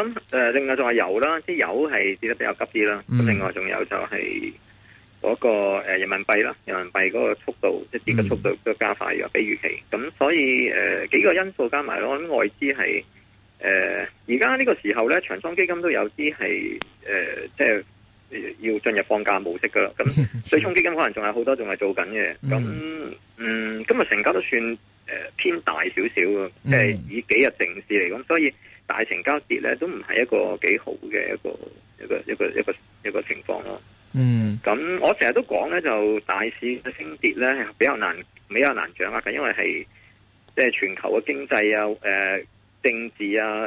咁誒、嗯，另外仲係油啦，啲油係跌得比較急啲啦。咁、嗯、另外仲有就係嗰個人民幣啦，人民幣嗰個速度、嗯、即係跌嘅速度都加快咗，比預期。咁所以誒、呃、幾個因素加埋咯。咁外資係誒而家呢個時候咧，長倉基金都有啲係誒即係。呃，即係要進入放假模式噶啦，咁對沖基金可能仲有好多做的，仲係做緊嘅。咁嗯，今日成交都算誒、呃、偏大少少，即係以幾日定市嚟講，所以大成交跌咧都唔係一個幾好嘅一個一個一個一個一個、一個情況咯。嗯，咁我成日都講咧，就大市嘅升跌咧比較難，比較難掌握嘅，因為係即係全球嘅經濟啊，誒、呃。政治啊，誒、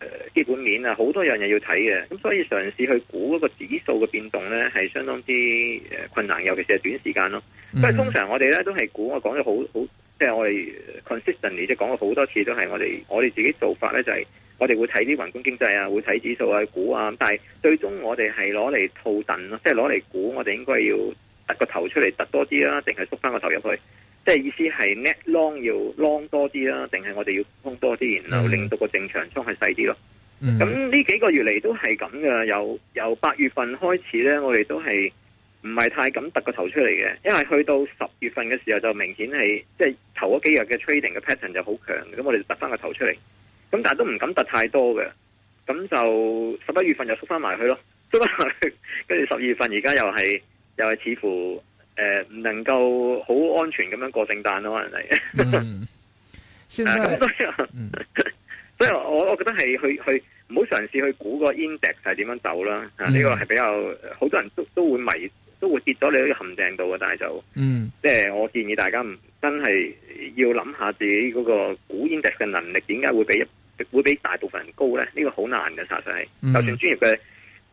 呃、基本面啊，好多樣嘢要睇嘅，咁所以嘗試去估嗰個指數嘅變動咧，係相當之困難，尤其是係短時間咯、啊。不過、mm hmm. 通常我哋咧都係估，我講咗好好，即係、就是、我哋 consistently 即係講咗好多次都是，都係我哋我哋自己做法咧，就係、是、我哋會睇啲宏觀經濟啊，會睇指數啊、估啊，但係最終我哋係攞嚟套戥咯，即係攞嚟估我哋應該要凸個頭出嚟凸多啲啦、啊，定係縮翻個頭入去。即係意思係 net long 要 long 多啲啦，定係我哋要 long 多啲，然後令到個正常倉係細啲咯。咁呢、mm hmm. 幾個月嚟都係咁噶，由由八月份開始咧，我哋都係唔係太敢突個頭出嚟嘅，因為去到十月份嘅時候就明顯係即係頭嗰幾日嘅 trading 嘅 pattern 就好強，咁我哋突翻個頭出嚟。咁但係都唔敢突太多嘅，咁就十一月份就縮翻埋去咯，縮翻埋去，跟住十二月份而家又係又係似乎。誒，唔、呃、能夠好安全咁樣過聖誕咯，可能係、嗯啊。嗯，嗯所以，我我覺得係去去唔好嘗試去估個 index 係點樣走啦。啊，呢、嗯、個係比較好多人都都會迷，都會跌咗你喺個陷阱度啊。但係就，嗯，即係我建議大家唔真係要諗下自己嗰個估 index 嘅能力點解會比一會比大部分人高咧？呢、呢個好難嘅查實係，就算專業嘅。嗯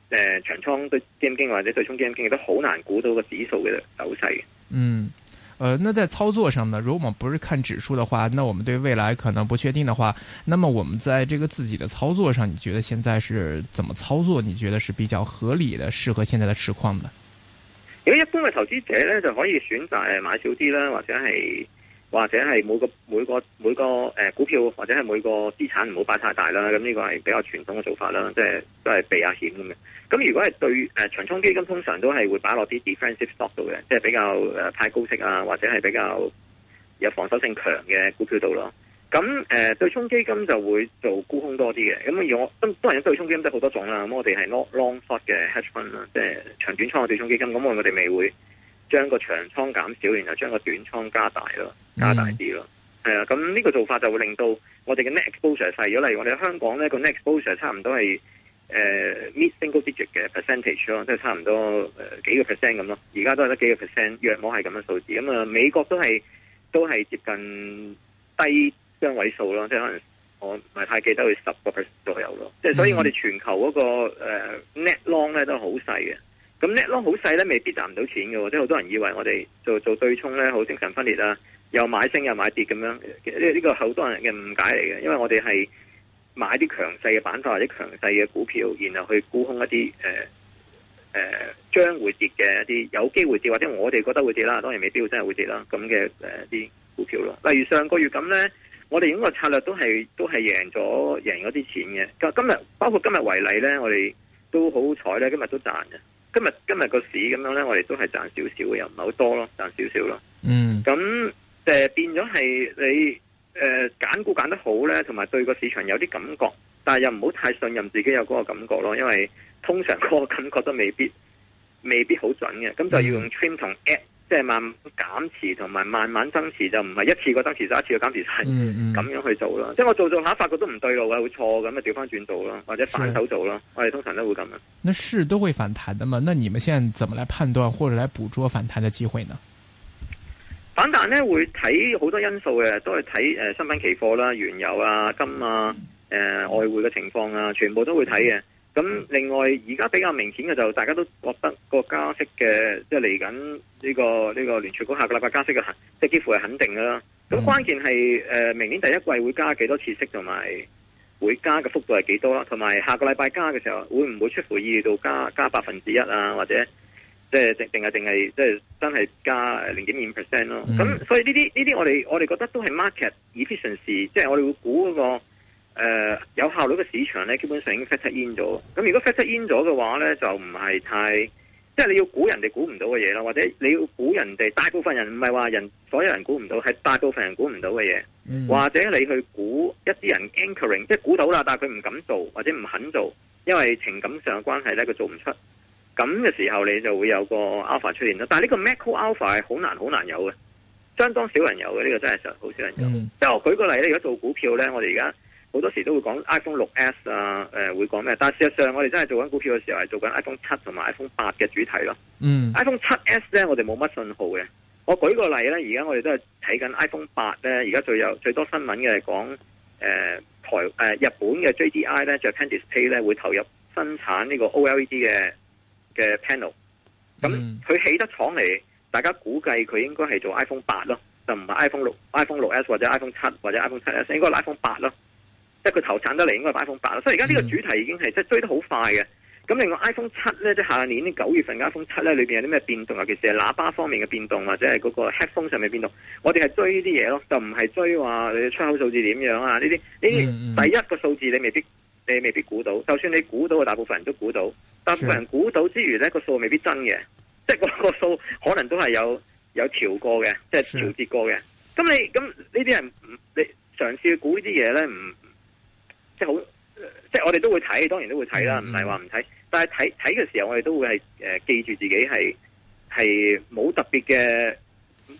誒、呃，長倉對基金經理或者對沖基金經理都好難估到個指數嘅走勢。嗯，呃，那在操作上呢？如果我們不是看指數的話，那我們對未來可能不確定的話，那麼我們在這個自己的操作上，你覺得現在是怎麼操作？你覺得是比較合理的，適合現在嘅市況。因為一般嘅投資者呢，就可以選擇買少啲啦，或者係。或者係每個每個每個誒、呃、股票，或者係每個資產唔好擺太大啦。咁呢個係比較傳統嘅做法啦，即係都係避下險咁嘅。咁如果係對誒、呃、長倉基金，通常都係會擺落啲 defensive stock 度嘅，即係比較誒派、呃、高息啊，或者係比較有防守性強嘅股票度咯。咁誒、呃、對沖基金就會做沽空多啲嘅。咁而我都當然對有 fund, 對沖基金，都好多種啦。咁我哋係 long short 嘅 hedge fund 啦，即係長短倉嘅對沖基金。咁我我哋未會。將個長倉減少，然後將個短倉加大咯，加大啲咯，係啊、嗯，咁呢、嗯、個做法就會令到我哋嘅 net exposure 細咗。例如我哋香港呢個 net exposure 差唔多係誒 mid single digit 嘅 percentage 咯，即係差唔多誒幾個 percent 咁咯。而家都係得幾個 percent，約摸係咁嘅數字。咁、嗯、啊、呃，美國都係都係接近低雙位數咯，即係可能我唔係太記得佢十個 percent 左右咯。即係、嗯、所以我哋全球嗰、那個誒、呃、net long 咧都好細嘅。咁叻咯，好細咧，未必賺唔到錢嘅。即係好多人以為我哋做做對沖咧，好精神分裂啦，又買升又買跌咁樣。呢個好多人嘅誤解嚟嘅。因為我哋係買啲強勢嘅板塊或者強勢嘅股票，然後去沽空一啲誒誒，將、呃呃、會跌嘅一啲，有機會跌或者我哋覺得會跌啦，當然未必會真係會跌啦。咁嘅誒啲股票咯。例如上個月咁咧，我哋整個策略都係都係贏咗贏咗啲錢嘅。今日包括今日為例咧，我哋都好彩咧，今日都賺嘅。今日今日個市咁樣呢，我哋都係賺少少嘅，又唔係好多咯，賺少少咯。嗯，咁、呃、誒變咗係你誒揀股揀得好呢，同埋對個市場有啲感覺，但係又唔好太信任自己有嗰個感覺咯，因為通常嗰個感覺都未必未必好準嘅，咁就要用 trim 同 app 即係慢減持同埋慢慢增持，就唔係一次過增持就是、一次過減持晒，咁、就是、樣去做咯。嗯嗯即係我做做下，發覺都唔對路嘅，會錯咁啊，調翻轉做咯，或者反手做咯。是我哋通常都會咁樣。那市都會反彈的嘛？那你們現在怎麼來判斷或者來捕捉反彈的機會呢？反彈咧會睇好多因素嘅，都係睇誒，商品、呃、期貨啦、原油啊、金啊、誒、呃、外匯嘅情況啊，全部都會睇嘅。咁另外，而家比較明顯嘅就大家都覺得個加息嘅，即係嚟緊呢個呢、呢個聯儲局下個禮拜加息嘅，即係幾乎係肯定㗎啦。咁關鍵係誒、呃，明年第一季會加幾多次息，同埋會加嘅幅度係幾多啦？同埋下個禮拜加嘅時候，會唔會出乎意料到加加百分之一啊？或者即係、即係、定係定係即係真係加零點五 percent 咯？咁、啊 mm hmm. 所以呢啲呢啲，我哋我哋覺得都係 market efficiency，即係我哋會估嗰、嗰個。誒、呃，有效率嘅市場咧，基本上已經 factor in 咗。咁如果 factor in 咗嘅話咧，就唔係太，即係你要估人哋估唔到嘅嘢啦，或者你要估人哋大部分人唔係話人所有人估唔到，係大部分人估唔到嘅嘢。嗯、或者你去估一啲人 anchoring，即係估到啦，但佢唔敢做或者唔肯做，因為情感上嘅關係咧，佢做唔出。咁嘅時候你就會有個 alpha 出現啦。但係呢個 macro alpha 係好難好難有嘅，相當少人有嘅。呢、這個真係好少人有。即係我舉個例咧，如果做股票咧，我哋而家。好多時都會講 iPhone 六 S 啊，誒、呃、會講咩？但事實上我哋真係做緊股票嘅時候係做緊 iPhone 七同埋 iPhone 八嘅主題咯。嗯，iPhone 七 S 咧我哋冇乜信號嘅。我舉個例咧，而家我哋都係睇緊 iPhone 八咧，而家最有最多新聞嘅係講誒台誒、呃、日本嘅 JDI 咧就 Japan Display 咧會投入生產呢個 OLED 嘅嘅 panel。咁佢、嗯、起得廠嚟，大家估計佢應該係做 iPhone 八咯，就唔係 iPhone 六 iPhone 六 S 或者 iPhone 七或者 iPhone 七 S，應該係 iPhone 八咯。即係個投產得嚟，應該 iPhone 八咯。所以而家呢個主題已經係即係追得好快嘅。咁、嗯、另外 iPhone 七咧，即係下年九月份 iPhone 七咧，裏邊有啲咩變動，尤其是係喇叭方面嘅變動，或者係嗰個 headphone 上面嘅變動。我哋係追呢啲嘢咯，就唔係追話、啊、你嘅出口數字點樣啊？呢啲呢啲第一個數字你未必你未必估到，就算你估到，大部分人都估到，大部分人估到之餘呢，呢個數未必真嘅，是的即係個個數可能都係有有調過嘅，即係調節過嘅。咁你咁呢啲人，你嘗試估呢啲嘢咧，唔？即係好，即係我哋都會睇，當然都會睇啦，唔係話唔睇。嗯嗯、但係睇睇嘅時候，我哋都會係誒、呃，記住自己係係冇特別嘅，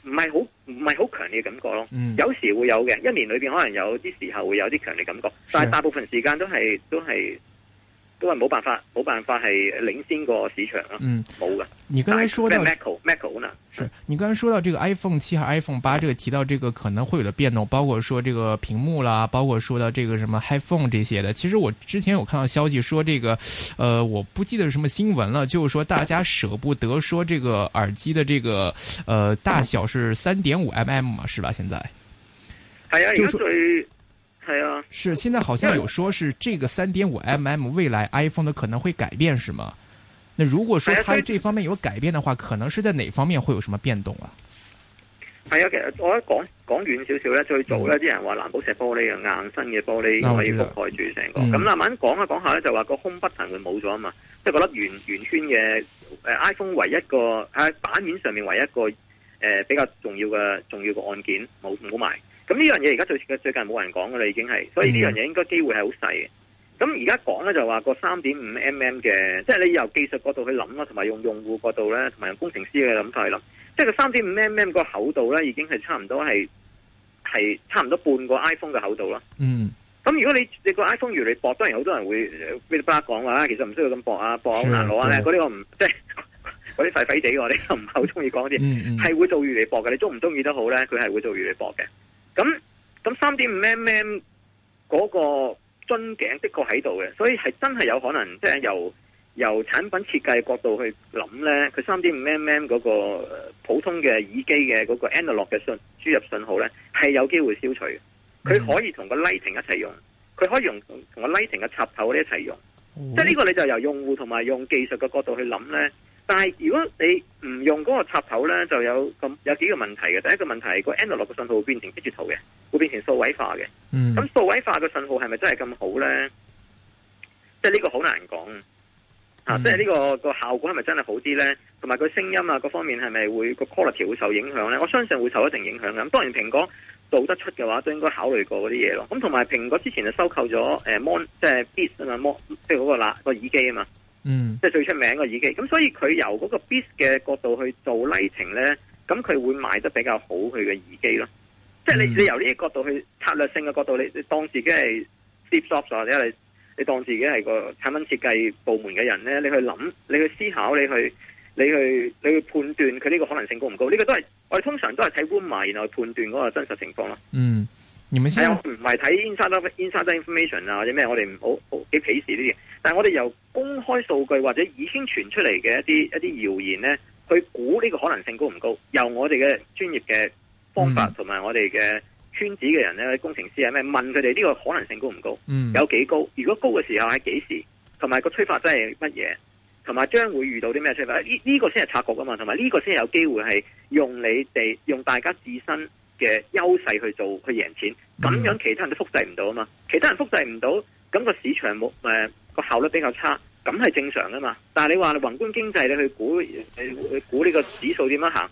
唔係好唔係好強烈嘅感覺咯。嗯、有時會有嘅，一年裏邊可能有啲時候會有啲強烈嘅感覺，但係大部分時間都係都係。都係冇辦法，冇辦法係領先個市場啊，嗯，冇噶。你剛才說到，Macau Macau 嗱，Mac ro, 是、嗯、你剛才說到這個 iPhone 七和 iPhone 八，這個提到這個可能會有的變動，包括說這個屏幕啦，包括說到這個什麼 iPhone 這些的。其實我之前有看到消息說，這個，呃，我不記得什麼新聞了，就是說大家捨不得說這個耳機的這個，呃，大小是三點五 mm 嘛，是吧？現在係啊，而家最。係啊，是，現在好像有說是這個三點五 mm 未來 iPhone 的可能會改變，是嗎？那如果說它這方面有改變的話，可能是在哪方面會有什麼變動啊？係啊，其實我一講講遠少少咧，最早咧啲人話藍寶石玻璃嘅硬身嘅玻璃可以覆蓋住成個，咁、嗯、慢慢講下講下咧就話個 home button 會冇咗啊嘛，即係嗰粒圓圓圈嘅誒 iPhone 唯一,一個誒、啊、版面上面唯一,一個誒、呃、比較重要嘅重要嘅按鍵冇冇埋。咁呢樣嘢，而家最最近冇人講噶啦，已經係，所以呢樣嘢應該機會係好細嘅。咁而家講咧就話個三點五 mm 嘅，即係你由技術角度去諗啦，同埋用用戶角度咧，同埋用工程師嘅諗法咯。即係個三點五 mm 個厚度咧，已經係差唔多係係差唔多半個 iPhone 嘅厚度咯。嗯。咁如果你你個 iPhone 越嚟薄，當然好多人會噼里啪啦講啊，其實唔需要咁薄，薄的啊，薄啊，攞啊，嗰啲我唔即係嗰啲廢廢哋，我哋唔係好中意講啲，係、嗯嗯、會做越嚟薄嘅。你中唔中意都好咧，佢係會做越嚟薄嘅。咁咁三點五 mm 嗰個樽頸的確喺度嘅，所以係真係有可能，即係由由產品設計角度去諗呢，佢三點五 mm 嗰個普通嘅耳機嘅嗰個 analog 嘅信輸入信號呢係有機會消除，佢可以同個 lighting 一齊用，佢可以用同個 lighting 嘅插頭咧一齊用，嗯、即係呢個你就由用戶同埋用技術嘅角度去諗呢。但係如果你唔用嗰個插頭咧，就有咁有幾個問題嘅。第一個問題，個 analog 個信號會變成 bit 圖嘅，會變成數位化嘅。咁數位化嘅信號係咪真係咁好咧？即係呢個好難講，嗯、啊！即係呢個、這個效果係咪真係好啲咧？同埋佢聲音啊，各方面係咪會個 quality 會受影響咧？我相信會受一定影響嘅。咁當然蘋果做得出嘅話，都應該考慮過嗰啲嘢咯。咁同埋蘋果之前就收購咗誒 mon 即係 Beat 啊 mon 即係嗰個喇個耳機啊嘛。嗯，即係最出名嘅耳機，咁所以佢由嗰個 Beats 嘅角度去做例程呢，咁佢會賣得比較好佢嘅耳機咯。即、就、係、是、你、嗯、你由呢個角度去策略性嘅角度，你你當自己係 Steve Jobs 咗，你係你當自己係個產品設計部門嘅人呢，你去諗，你去思考，你去你去你去，你去判斷佢呢個可能性高唔高？呢、這個都係我哋通常都係睇官埋，然後判斷嗰個真實情況咯。嗯。係唔係睇 inside inside Information 啊，或者咩？我哋唔好好幾鄙視呢啲嘢，但係我哋由公開數據或者已經傳出嚟嘅一啲一啲謠言咧，去估呢個可能性高唔高？由我哋嘅專業嘅方法，同埋我哋嘅圈子嘅人咧，工程師係咩，問佢哋呢個可能性高唔高？嗯，有幾高？如果高嘅時候係幾時？同埋個觸發真係乜嘢？同埋將會遇到啲咩觸發。呢呢、呢個先係拆局啊嘛，同埋呢個先係有機會係用你哋用大家自身。嘅優勢去做去贏錢，咁樣其他人都複製唔到啊嘛，其他人複製唔到，咁、那個市場冇誒、呃、個效率比較差，咁係正常噶嘛。但係你話宏觀經濟你去估，你、呃、估呢個指數點樣行，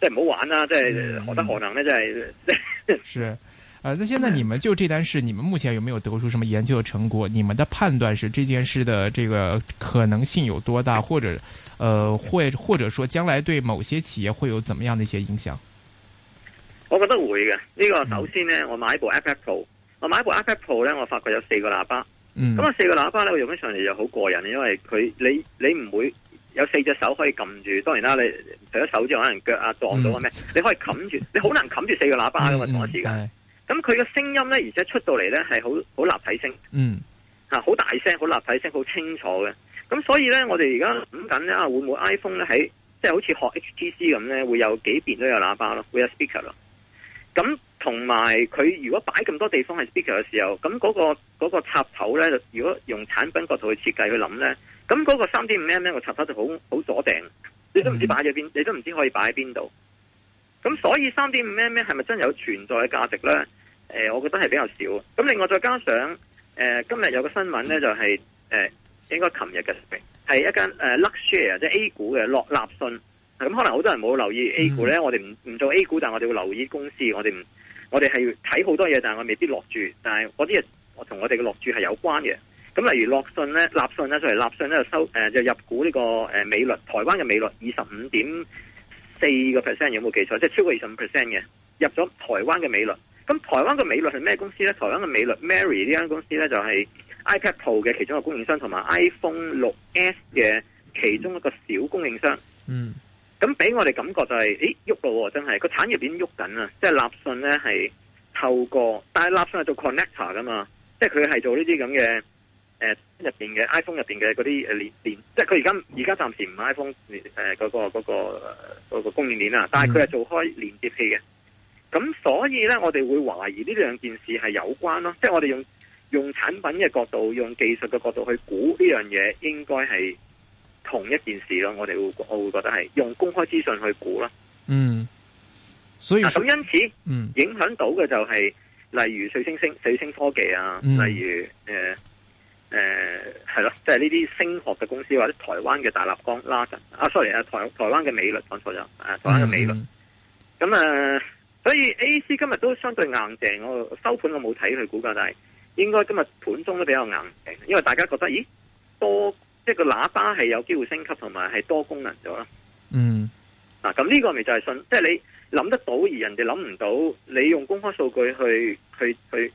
即係唔好玩啦、啊，即、就、係、是嗯、何德何能呢？即係即係。是，啊、 呃，那現在你們就這單事，你們目前有沒有得出什麼研究成果？你們的判斷是這件事的這個可能性有多大，或者，呃，會或者說將來對某些企業會有怎麼樣的一些影響？我覺得會嘅，呢、這個首先呢，我買部 iPad Pro，我買部 iPad Pro 呢，我發覺有四個喇叭，咁啊、嗯、四個喇叭呢，我用起上嚟就好過癮，因為佢你你唔會有四隻手可以撳住，當然啦，你除咗手之外，可能腳啊撞到啊咩，嗯、你可以冚住， 你好難冚住四個喇叭噶嘛，同一時間，咁佢嘅聲音呢，而且出到嚟呢係好好立體聲，嗯，吓好大聲，好立體聲，好清楚嘅，咁所以呢，我哋而家諗緊呢，啊，會唔會 iPhone 呢？喺即係好似學 HTC 咁呢，會有幾邊都有喇叭咯，會有 speaker 咯。咁同埋佢如果擺咁多地方係 speaker 嘅時候，咁嗰、嗰個嗰、嗰個插頭呢，如果用產品角度去設計去諗呢，咁嗰個三點五 mm 個插頭就好好鎖定，你都唔知擺咗邊，你都唔知可以擺喺邊度。咁所以三點五 mm 係咪真係有存在嘅價值呢？誒、呃，我覺得係比較少。咁另外再加上，誒、呃、今日有個新聞呢，就係、是、誒、呃、應該琴日嘅係一間 Luxshare 即係 A 股嘅落立信。咁可能好多人冇留意 A 股咧，我哋唔唔做 A 股，但係我哋會留意公司。我哋唔，我哋係睇好多嘢，但係我未必落注。但係嗰啲嘢，我同我哋嘅落注係有關嘅。咁例如樂信咧、立信啦，作為立信咧就收誒、呃，就入股呢個誒美律台灣嘅美律二十五點四個 percent，有冇記錯？即係超過二十五 percent 嘅入咗台灣嘅美律。咁台灣嘅美律係咩、就是、公司咧？台灣嘅美律 Mary 呢間公司咧就係、是、iPad Pro 嘅其中一個供應商，同埋 iPhone 六 S 嘅其中一個小供應商。嗯。咁俾我哋感覺就係，誒喐咯，真係個產業鏈喐緊啊！即係立訊咧係透過，但係立訊係做 connector 噶嘛，即係佢係做呢啲咁嘅誒入邊嘅 iPhone 入邊嘅嗰啲誒連連，即係佢而家而家暫時唔係 iPhone 誒嗰個嗰個嗰個供應鏈啊，但係佢係做開連接器嘅。咁所以咧，我哋會懷疑呢兩件事係有關咯，即係我哋用用產品嘅角度、用技術嘅角度去估呢樣嘢應該係。同一件事咯，我哋會我會覺得係用公開資訊去估啦。嗯，所以咁、啊、因此，嗯，影響到嘅就係、是嗯、例如水星星、水星科技啊，例如誒誒係咯，即係呢啲星學嘅公司或者台灣嘅大立光、拉啊，sorry 啊，台台灣嘅美律講錯咗，誒，台灣嘅美律。咁啊、嗯呃，所以 AC 今日都相對硬淨，我收盤我冇睇佢估噶，但係應該今日盤中都比較硬淨，因為大家覺得咦多。即係個喇叭係有機會升級同埋係多功能咗啦。嗯，嗱咁呢個咪就係信，即係你諗得到而人哋諗唔到，你用公開數據去去去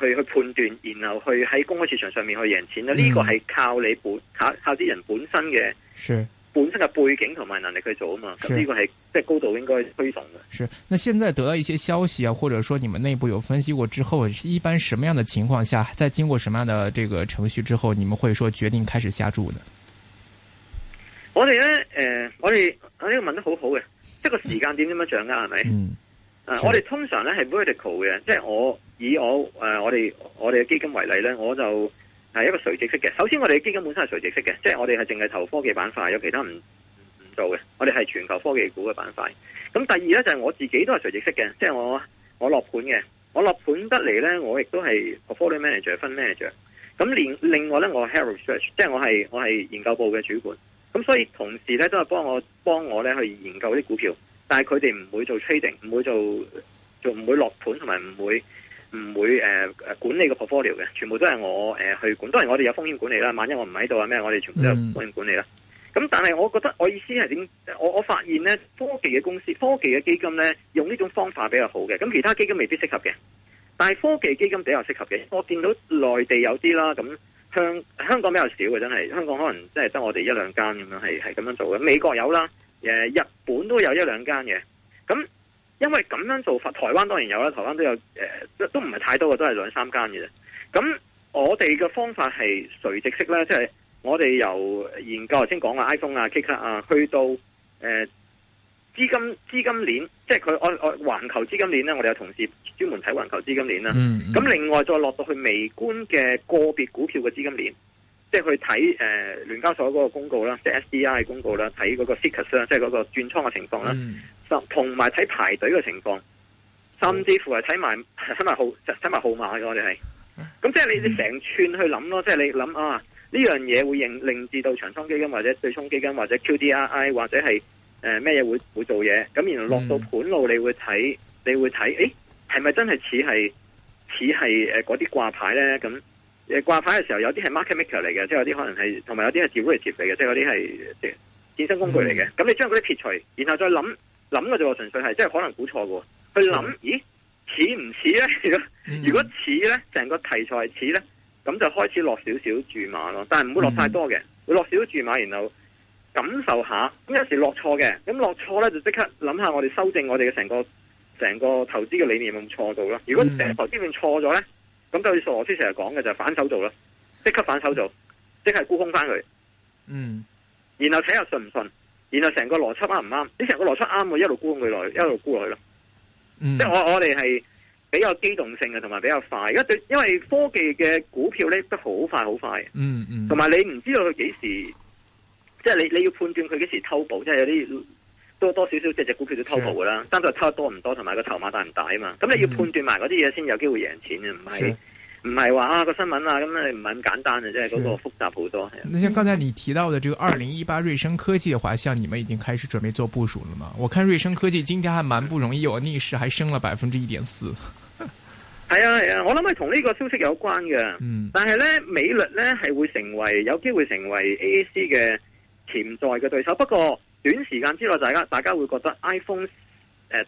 去去判斷，然後去喺公開市場上面去贏錢啦。呢個係靠你本靠靠啲人本身嘅。是本身嘅背景同埋能力去做啊嘛，咁呢是個係即係高度應該推崇嘅。是，那現在得到一些消息啊，或者說你們內部有分析過之後，一般什麼樣的情況下，在經過什麼樣的這個程序之後，你們會說決定開始下注呢？我哋咧，誒、呃，我哋，你、這、呢個問得很好好嘅，即、這個時間點點樣掌握係咪？嗯，啊、呃是呃，我哋通常咧係 vertical 嘅，即係我以我誒我哋我哋嘅基金為例咧，我就。係一個垂直式嘅。首先我哋基金本身係垂直式嘅，即係我哋係淨係投科技板塊，有其他唔唔唔做嘅。我哋係全球科技股嘅板塊。咁第二呢，就係我自己都係垂直式嘅，即係我我落盤嘅，我落盤得嚟呢，我亦都係個 portfolio manager 分 manager。咁另另外呢，我 head research 即係我係我係研究部嘅主管。咁所以同事呢，都係幫我幫我呢去研究啲股票，但係佢哋唔會做 trading，唔會做做唔會落盤同埋唔會。唔會誒誒、呃、管理個 portfolio 嘅，全部都係我誒、呃、去管，當然我哋有風險管理啦。萬一我唔喺度啊咩，我哋全部都有風險管理啦。咁、嗯嗯、但係我覺得我意思係點？我我發現呢科技嘅公司、科技嘅基金呢，用呢種方法比較好嘅。咁其他基金未必適合嘅，但係科技基金比較適合嘅。我見到內地有啲啦，咁香香港比較少嘅，真係香港可能即係得我哋一兩間咁樣係係咁樣做嘅。美國有啦，誒、呃、日本都有一兩間嘅，咁。因為咁樣做法，台灣當然有啦，台灣都有，誒、呃、都唔係太多嘅，都係兩三間嘅。咁我哋嘅方法係垂直式啦，即、就、係、是、我哋由研究頭先講嘅 iPhone 啊、Kicker 啊，去到誒、呃、資金資金鏈，即係佢我環球資金鏈咧，我哋有同事專門睇環球資金鏈啦。咁、嗯嗯、另外再落到去微觀嘅個別股票嘅資金鏈，即係去睇誒、呃、聯交所嗰個公告啦，即 SDI 公告啦，睇嗰個 CCASS 即係嗰個轉倉嘅情況啦。嗯嗯同埋睇排隊嘅情況，甚至乎係睇埋睇埋號睇埋號碼嘅我哋係，咁即係你你成串去諗咯，即係、嗯、你諗啊呢樣嘢會令至到長倉基金或者對沖基金或者 QDII 或者係咩嘢會做嘢，咁然後落到盤路你，你會睇你會睇，咦、欸，係咪真係似係似係嗰啲掛牌咧？咁誒掛牌嘅時候有啲係 market maker 嚟嘅，即、就、係、是、有啲可能係同埋有啲係 derivatives 嚟嘅，即、就、係、是、有啲係衍生工具嚟嘅。咁、嗯、你將嗰啲撇除，然後再諗。諗嘅就純粹係，即係可能估錯嘅。去諗，咦，似唔似咧？如果、嗯、如果似咧，成個題材係似咧，咁就開始落少少注碼咯。但係唔會落太多嘅，嗯、會落少注碼，然後感受一下。咁有時落錯嘅，咁落錯咧就即刻諗下我哋修正我哋嘅成個成個投資嘅理念有冇錯到啦。如果成個投資理念錯咗咧，咁、嗯、就似索羅斯成日講嘅就係、反手做啦，即刻反手做，嗯、即係沽空翻佢。嗯，然後睇下信唔信。然後成個邏輯啱唔啱？你成個邏輯啱，我一路估佢落，一路估落去咯。去去嗯、即係我我哋係比較機動性嘅，同埋比較快。因為因為科技嘅股票咧都好快，很快，好快、嗯。嗯嗯。同埋你唔知道佢幾時，即係你你要判斷佢幾時偷步，即係有啲多多少少隻只股票都偷步噶啦。單獨的偷得多唔多，同埋個籌碼大唔大啊嘛。咁你要判斷埋嗰啲嘢，先有機會贏錢嘅，唔係、嗯。是唔係話啊、這個新聞啊咁樣，唔係咁簡單嘅，即係是個複雜好多。那像剛才你提到的這個二零一八瑞聲科技嘅話，像你們已經開始準備做部署了嗎？我看瑞聲科技今天還蠻不容易，我逆勢還升了百分之一點四。係啊係啊，我諗係同呢個消息有關嘅。嗯、但係呢美律呢係會成為有機會成為 AAC 嘅潛在嘅對手。不過短時間之內，大家大家會覺得 iPhone 誒、呃、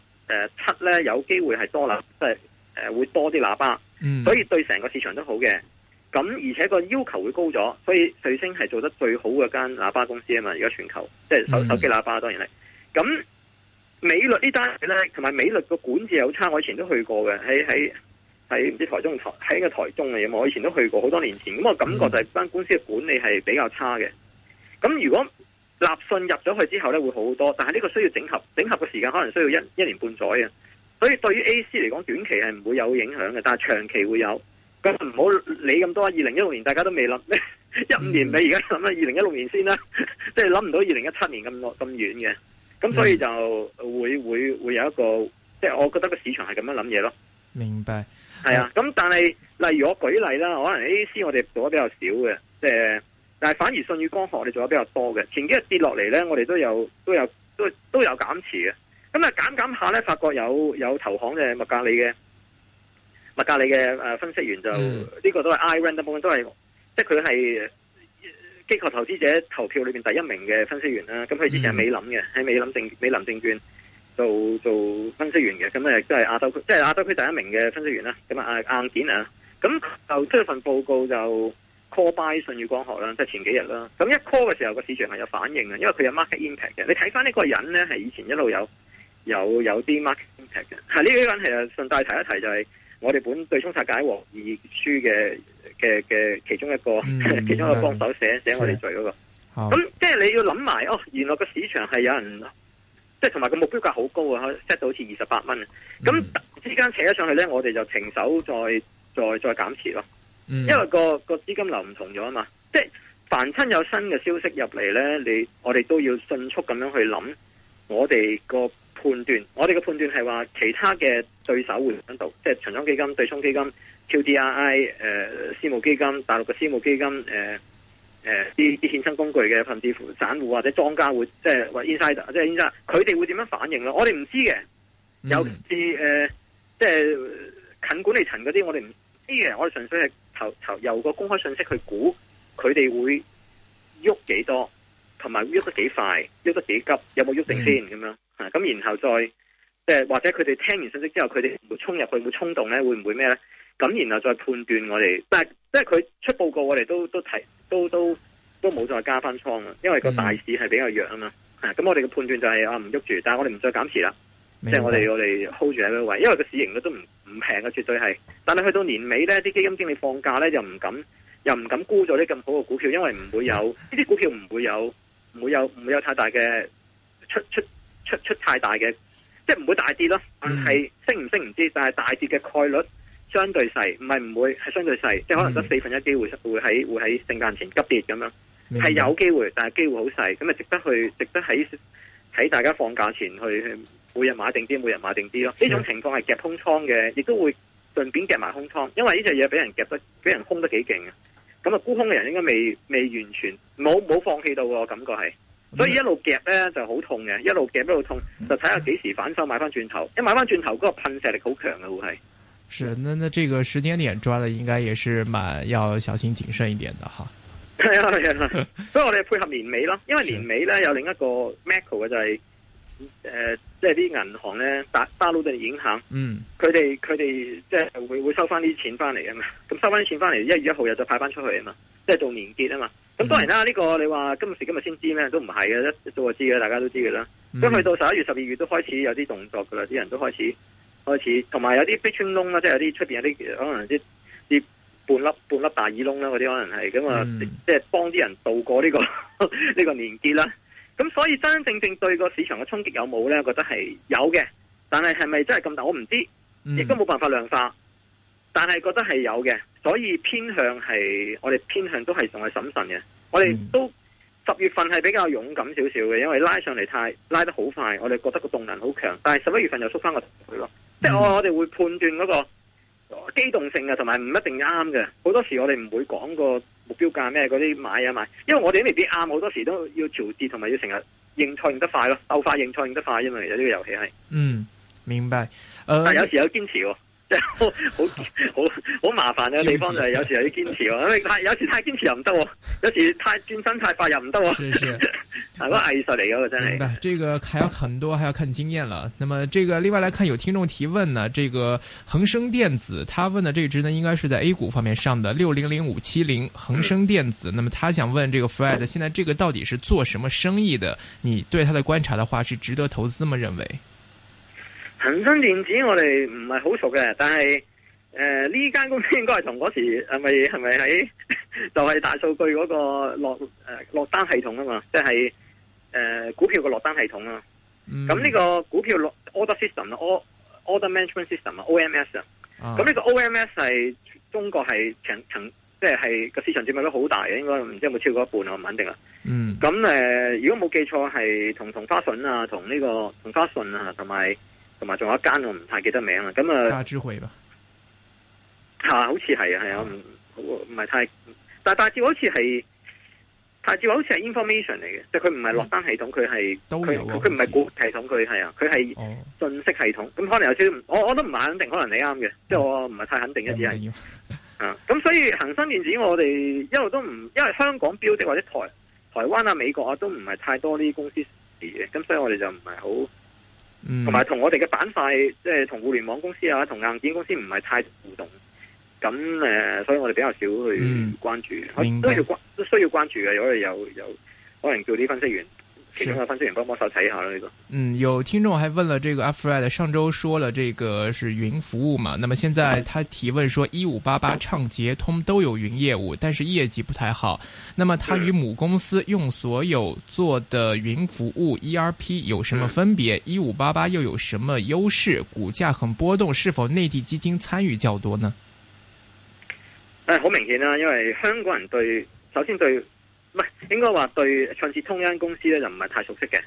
誒七、呃、呢有機會係多喇，即係誒會多啲喇叭。嗯、所以對成個市場都好嘅，咁而且個要求會高咗，所以瑞聲係做得最好嘅間喇叭公司啊嘛！而家全球即係、嗯、手手機喇叭當然係，咁美律這呢單咧，同埋美律個管治又好差，我以前都去過嘅，喺喺喺唔知台中台喺個台中啊嘛，我以前都去過好多年前，咁、那、我、個、感覺就係間公司嘅管理係比較差嘅。咁如果立訊入咗去之後咧，會好很多，但係呢個需要整合，整合嘅時間可能需要一一年半載啊。所以對於 A. C. 嚟講，短期係唔會有影響嘅，但係長期會有。咁唔好理咁多。二零一六年大家都未諗，一五、嗯、 年你而家諗啦，二零一六年先啦，即係諗唔到二零一七年咁耐咁遠嘅。咁所以就會、嗯、會會有一個，即、就、係、是、我覺得個市場係咁樣諗嘢咯。明白，係啊。咁、嗯、但係例如我舉例啦，可能 A. C. 我哋做得比較少嘅，即、呃、係，但係反而舜宇光學我哋做得比較多嘅。前幾日跌落嚟咧，我哋都有都有都都有減持嘅。咁啊，減減下咧，發覺有有投行嘅麥格里嘅麥格里嘅分析員就呢、嗯、個都係 I random 都係即係佢係機構投資者投票裏面第一名嘅分析員啦。咁佢之前係美林嘅，喺、嗯、美林證美林證券做做分析員嘅。咁啊亦都係亞洲區，即、就、係、是、亞洲區第一名嘅分析員啦。咁啊硬件啊，咁就出咗份報告就 call by 信譽光學啦，即、就是、前幾日啦。咁一 call 嘅時候，個市場係有反應嘅，因為佢有 market impact 嘅。你睇翻呢個人咧，係以前一路有。有有啲 market impact 嘅，係呢啲人其實順帶提一提，就係我哋本對沖殺解王二書嘅嘅嘅其中一個，嗯、 其中一個幫手寫寫、嗯、我哋罪嗰、那個。咁、嗯、即係你要諗埋哦，原來個市場係有人，即係同埋個目標價好高啊，set 到好似二十八蚊。咁、嗯、之間扯咗上去咧，我哋就停手再，再再再減持咯。嗯、因為個個資金流唔同咗啊嘛，即係凡親有新嘅消息入嚟咧，你我哋都要迅速咁樣去諗，我哋個。判斷，我哋嘅判斷係話，其他嘅對手會喺度，即係長倉基金、對沖基金、QDII、誒私募基金、大陸嘅私募基金、誒誒啲啲衍生工具嘅，甚至乎散戶或者莊家會，即係或 insider，即係 insider，佢哋會點樣反應咧？我哋唔知嘅，尤其係誒，即係近管理層嗰啲，我哋唔知嘅，我哋純粹係投投由個公開信息去估，佢哋會喐幾多，同埋喐得幾快，喐得幾急，有冇喐定先咁樣。咁然後再即係或者佢哋聽完信息之後，佢哋會衝入去，會衝動咧，會唔會咩咧？咁然後再判斷我哋，但係即係佢出報告，我哋都都提，都都都冇再加翻倉啊，因為個大市係比較弱啊嘛。咁、mm hmm. 啊、我哋嘅判斷就係、是、啊唔喐住，但係我哋唔再減持啦，即係、mm hmm. 我哋我哋 hold 住喺呢位，因為個市盈率都唔唔平嘅，絕對係。但係去到年尾咧，啲基金經理放假咧，又唔敢，又唔敢沽咗啲咁好嘅股票，因為唔會有呢啲股票唔會有，唔、mm hmm. 會有唔會，會，會有太大嘅出出。出出出太大嘅，即係唔會大跌咯。係升唔升唔知，但係大跌嘅概率相對細，唔係唔會，係相對細，即係可能得四分一機會會喺會喺聖誕前急跌咁樣，係有機會，但係機會好細。咁啊，值得去，值得喺喺大家放假前去每馬，每日買定啲，每日買定啲咯。呢種情況係夾空倉嘅，亦都會順便夾埋空倉，因為呢隻嘢俾人夾得俾人空得幾勁啊。咁啊，沽空嘅人應該未未完全冇冇放棄到嘅，我感覺係。所以一路夾咧就好痛嘅，一路夾一路痛，就睇下幾時反手買翻轉頭，一、嗯、買翻轉頭嗰、那個噴射力好強嘅會係。是，那那這個時間點抓的應該也是蠻要小心謹慎一點的哈。係啊係啊，所以我哋配合年尾咯， 因為年尾咧有另一個 macro 嘅就係、是。誒，嗯嗯、即係啲銀行咧打巴魯頓影響，佢哋佢哋即係會會收翻啲錢翻嚟啊嘛，咁收翻啲錢翻嚟，一月一號又再派翻出去啊嘛，即係做年結啊嘛，咁、嗯嗯、當然啦，呢、這個你話今,今時今日先知咩，都唔係嘅，一早我知嘅，大家都知嘅啦，咁為、嗯、到十一月十二月都開始有啲動作噶啦，啲人都開始開始，同埋有啲逼穿窿啦，即係有啲出邊有啲可能啲啲半粒半粒大耳窿啦，嗰啲可能係咁啊，嗯、即係幫啲人度過呢、這個呢 個年結啦。咁所以真真正正對個市場嘅衝擊有冇呢？我覺得係有嘅，但係係咪真係咁大我唔知，亦都冇辦法量化。但係覺得係有嘅，所以偏向係我哋偏向都係仲係審慎嘅。我哋都十月份係比較勇敢少少嘅，因為拉上嚟，太拉得好快，我哋覺得個動能好強。但係十一月份又縮翻,個頭佢咯，即係我我哋會判斷嗰個機動性嘅，同埋唔一定啱嘅。好多時我哋唔會講個。目標價咩嗰啲買啊買，因為我哋都未必啱，好多時都要調節，同埋要成日認錯認得快咯，鬥快認錯認得快，因為其實呢個遊戲係嗯，明白，嗯、但有時有堅持喎、哦。即係好好好好麻煩嘅地方就係有時有啲堅持，因為係有時太堅持又唔得，有時太轉身太快又唔得。係是 個藝術嚟，噶，真係。明白，這個還有很多，還要看經驗啦。那麼，這個另外來看，有聽眾提問呢，這個恒生電子，他問的這支呢，應該是在 A 股方面上的六零零五七零恒生電子。嗯、那麼，他想問這個 Fred，現在這個到底是做什麼生意的？你對他的觀察的話，是值得投資嗎？認為？恒生電子我哋唔係好熟嘅，但係誒呢間公司應該係同嗰時係咪係咪喺就係、是、大數據嗰個落誒、呃、落單系統啊嘛，即係誒、呃、股票嘅落單系統啊。咁呢、嗯、個股票落 order system 啊、嗯、，order management system 啊，O M S 啊。咁呢個 O M S 係中國係曾曾即係個市場佔有率好大嘅，應該唔知有冇超過一半我唔肯定啦。嗯。咁誒、呃，如果冇記錯係同同花順啊，同呢、這個同花順啊，同埋。同埋仲有一間我唔太記得名啦，咁啊大智慧吧吓，好似係啊係啊，唔唔係太，但大智慧好似係大智慧好似係 information 嚟嘅，即係佢唔係落單系統，佢係，佢唔係股系統，佢係啊，佢係信息系統。咁可能有少，我我都唔係肯定，可能你啱嘅，即係我唔係太肯定一隻係。咁所以恒生電子我哋一路都唔，因為香港標的或者台台灣啊、美國啊都唔係太多呢啲公司嚟嘅，咁所以我哋就唔係好。同埋同我哋嘅板塊，即係同互聯網公司啊，同硬件公司唔係太互動，咁誒，所以我哋比較少去關注，嗯、都需要關都需要關注嘅。如果有有可能叫啲分析員。手睇下啦呢，嗯，有聽眾還問了這個阿 Fred 上周說了這個是雲服務嘛？那麼現在他提問說，一五八八暢捷通都有雲業務，但是業績不太好。那麼他與母公司用所有做的雲服務 ERP 有什麼分別？一五八八又有什麼優勢？股價很波動，是否內地基金參與較多呢？誒、哎，好明顯啦，啊，因為香港人對，首先對。應該話對創智通呢間公司咧就唔係太熟悉嘅，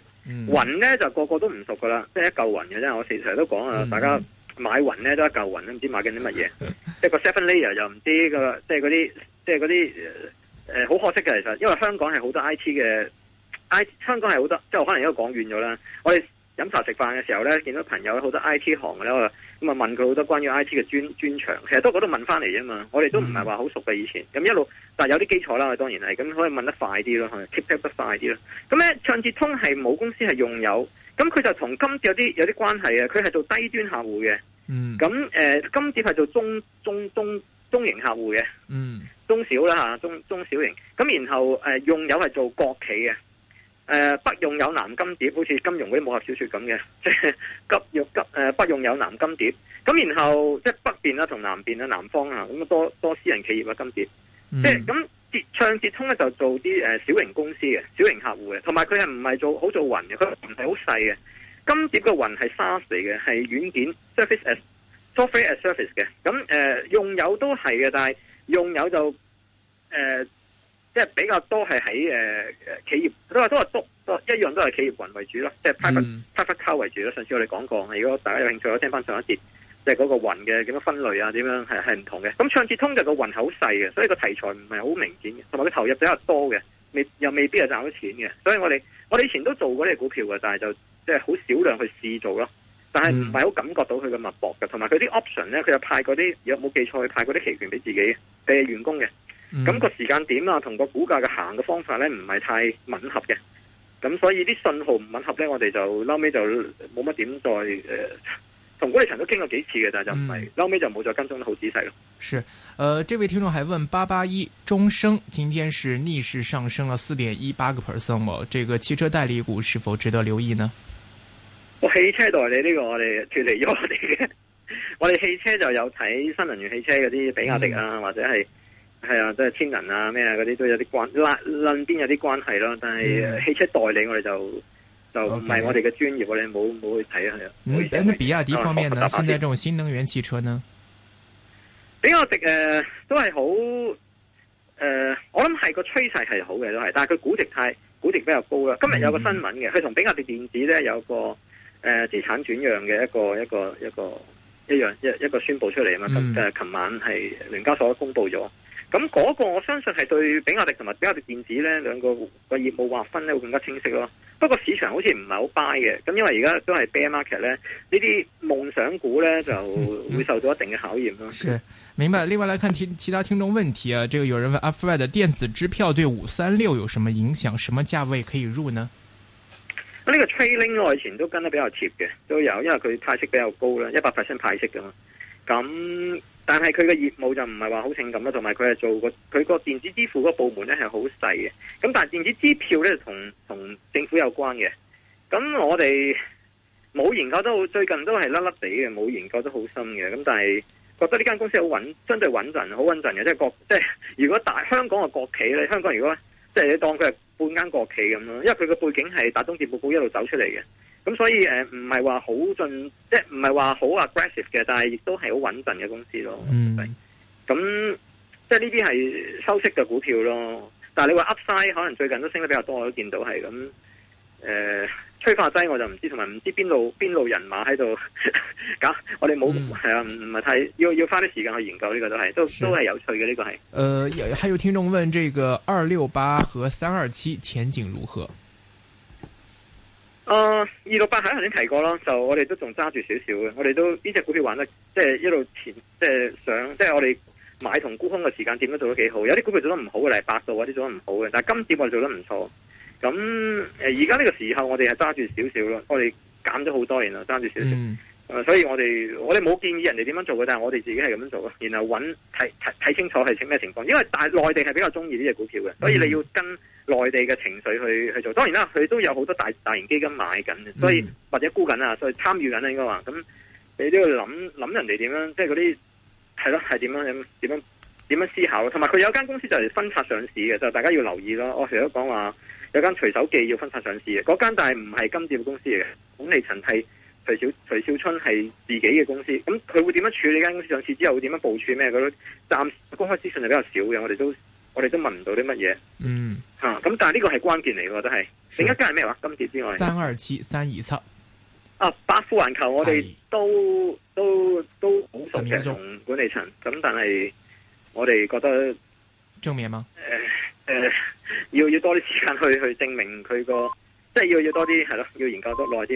雲咧就個個都唔熟噶啦，即係一嚿雲嘅啫。我成成日都講啊，大家買雲咧都一嚿雲，都唔知買緊啲乜嘢。即係 個 Seven Layer 又唔知個，即係嗰啲，即係嗰啲，誒、呃，好可惜嘅，其實，因為香港係好多 I T 嘅 I T，香港係好多，即係可能而家講遠咗啦，我哋。飲茶食飯嘅時候咧，見到朋友好多 I T 行嘅咧，咁啊問佢好多關於 I T 嘅專專長，其實都嗰度問翻嚟啫嘛。我哋都唔係話好熟嘅以前的，咁、嗯、一路但有啲基礎啦，當然係咁可以問得快啲咯可 u k e e p 得快啲咯。咁咧暢捷通係冇公司係用友，咁佢就同今次有啲有啲關係嘅，佢係做低端客戶嘅，嗯，咁、呃、誒金蝶係做中中中中型客戶嘅，嗯中中，中小啦嚇，中中小型，咁然後誒、呃、用友係做國企嘅。誒、呃，北用友南金蝶，好似金融嗰啲武俠小說咁嘅，即係金用誒，北用友南金蝶。咁然後即係北邊啦，同南邊啦，南方啊，咁多多私人企業嘅金蝶。嗯、即係咁，暢捷通咧就做啲誒小型公司嘅，小型客戶嘅，同埋佢係唔係做好做雲嘅，佢唔係好細嘅。金蝶嘅雲係沙嚟嘅，係軟件 service as software as service 嘅。咁誒、呃，用友都係嘅，但係用友就誒。呃即係比較多係喺誒誒企業，佢話都係都一樣都係企業雲為主咯，即係 pack pack 卡為主咯。上次我哋講過，如果大家有興趣，都聽翻上一節，即係嗰個雲嘅點樣分類啊，點樣係係唔同嘅。咁暢捷通就個雲好細嘅，所以個題材唔係好明顯嘅，同埋佢投入比較多嘅，未又未必係賺到錢嘅。所以我哋我哋以前都做過呢個股票嘅，但係就即係好少量去試做咯，但係唔係好感覺到佢嘅脈搏嘅，同埋佢啲 option 咧，佢又派嗰啲有冇記錯，派嗰啲期權俾自己誒俾員工嘅。咁、嗯、個時間點啊，同個股價嘅行嘅方法咧，唔係太吻合嘅。咁所以啲信號唔吻合咧，我哋就後尾，就冇乜點再誒同管理層都傾過幾次嘅，但係就唔係、嗯、後尾就冇再跟蹤得好仔細咯。是，誒、呃，這位聽眾還問八八一中升，今天是逆勢上升了四點一八個 percent，這個汽車代理股是否值得留意呢？我汽車代理呢個我哋脫離咗我哋嘅， 我哋汽車就有睇新能源汽車嗰啲比亞迪啊，嗯、或者係。係啊，即、就、係、是、千人啊咩啊嗰啲都有啲關拉，邊有啲關係咯。但係、嗯、汽車代理我哋就就唔係我哋嘅專業，嗯、我哋冇冇去睇啊。嗯，咁以、嗯、比亞迪方面呢？現在這種新能源汽車呢？比亞迪誒、呃、都係好誒，我諗係個趨勢係好嘅都係，但係佢估值太估值比較高啦。今日有個新聞嘅，佢同、嗯、比亞迪電子咧有個誒資產轉讓嘅一個、呃、一個一個，一，個，一，個一樣一一個宣布出嚟啊嘛。咁誒、嗯，琴、呃、晚係聯交所公布咗。咁嗰個我相信係對比亞迪同埋比亞迪電子咧兩個個業務劃分咧會更加清晰咯。不過市場好似唔係好 buy 嘅，咁因為而家都係 bear market 咧，呢啲夢想股咧就會受到一定嘅考驗咯、嗯嗯。是明白。另外嚟看聽其他聽眾問題啊，這個有人問阿 Fred 的電子支票對五三六有什麼影響？什麼價位可以入呢？呢個 trading 我以前都跟得比較貼嘅，都有，因為佢派息比較高啦，一百 percent 派息噶嘛，咁。但係佢嘅業務就唔係話好性感啦，同埋佢係做個佢個電子支付個部門咧係好細嘅。咁但係電子支票咧同同政府有關嘅。咁我哋冇研究得好，最近都係甩甩地嘅，冇研究得好深嘅。咁但係覺得呢間公司好穩，相對穩陣，好穩陣嘅。即係國即係如果大香港嘅國企咧，香港如果即係你當佢係半間國企咁咯，因為佢嘅背景係大東電報局一路走出嚟嘅。咁所以誒，唔係話好盡，即係唔係話好 aggressive 嘅，但係亦都係好穩陣嘅公司咯。嗯。咁即係呢啲係收息嘅股票咯。但係你話 Upside 可能最近都升得比較多，我都見到係咁。誒、呃，催化劑我就唔知道，同埋唔知邊度邊路人馬喺度搞。我哋冇係啊，唔係太要要花啲時間去研究呢個都係都是都係有趣嘅呢個係、呃。誒，有有聽眾問：這個二六八和三二七前景如何？誒，二六八喺頭先提過啦，就我哋都仲揸住少少嘅，我哋都呢隻股票玩得即係一路前，即係上，即係我哋買同沽空嘅時間點都做得幾好，有啲股票做得唔好嘅，例如百度或者做得唔好嘅，但係金蝶我哋做得唔錯。咁誒，而家呢個時候我哋係揸住少少咯，我哋減咗好多年啦，揸住少少。嗯誒，所以我哋我哋冇建議人哋點樣做嘅，但係我哋自己係咁樣做咯。然後搵睇睇睇清楚係請咩情況，因為大內地係比較中意呢隻股票嘅，所以你要跟內地嘅情緒去去做。當然啦，佢都有好多大大型基金買緊嘅，所以或者沽緊啊，所以參與緊啦，應該話咁你都要諗諗人哋點樣，即係嗰啲係咯係點樣點點樣點樣思考。同埋佢有間公司就係分拆上市嘅，就係、大家要留意咯。我成日都講話有間隨手記要分拆上市嘅，嗰間但係唔係金蝶公司嚟嘅，管理層係。徐少徐少春係自己嘅公司，咁佢會點樣處理間公司上市之後會點樣部署咩？佢都暫時公開資訊係比較少嘅，我哋都我哋都問唔到啲乜嘢。嗯，吓、啊，咁但係呢個係關鍵嚟嘅，都係是另一間係咩話？金蝶之外三二，三二七三二七啊，百富環球我，我哋是都都都好熟嘅同管理層。咁但係我哋覺得證明嗎？誒誒、呃呃，要要多啲時間去去證明佢個，即係要要多啲係咯，要研究得耐啲啦。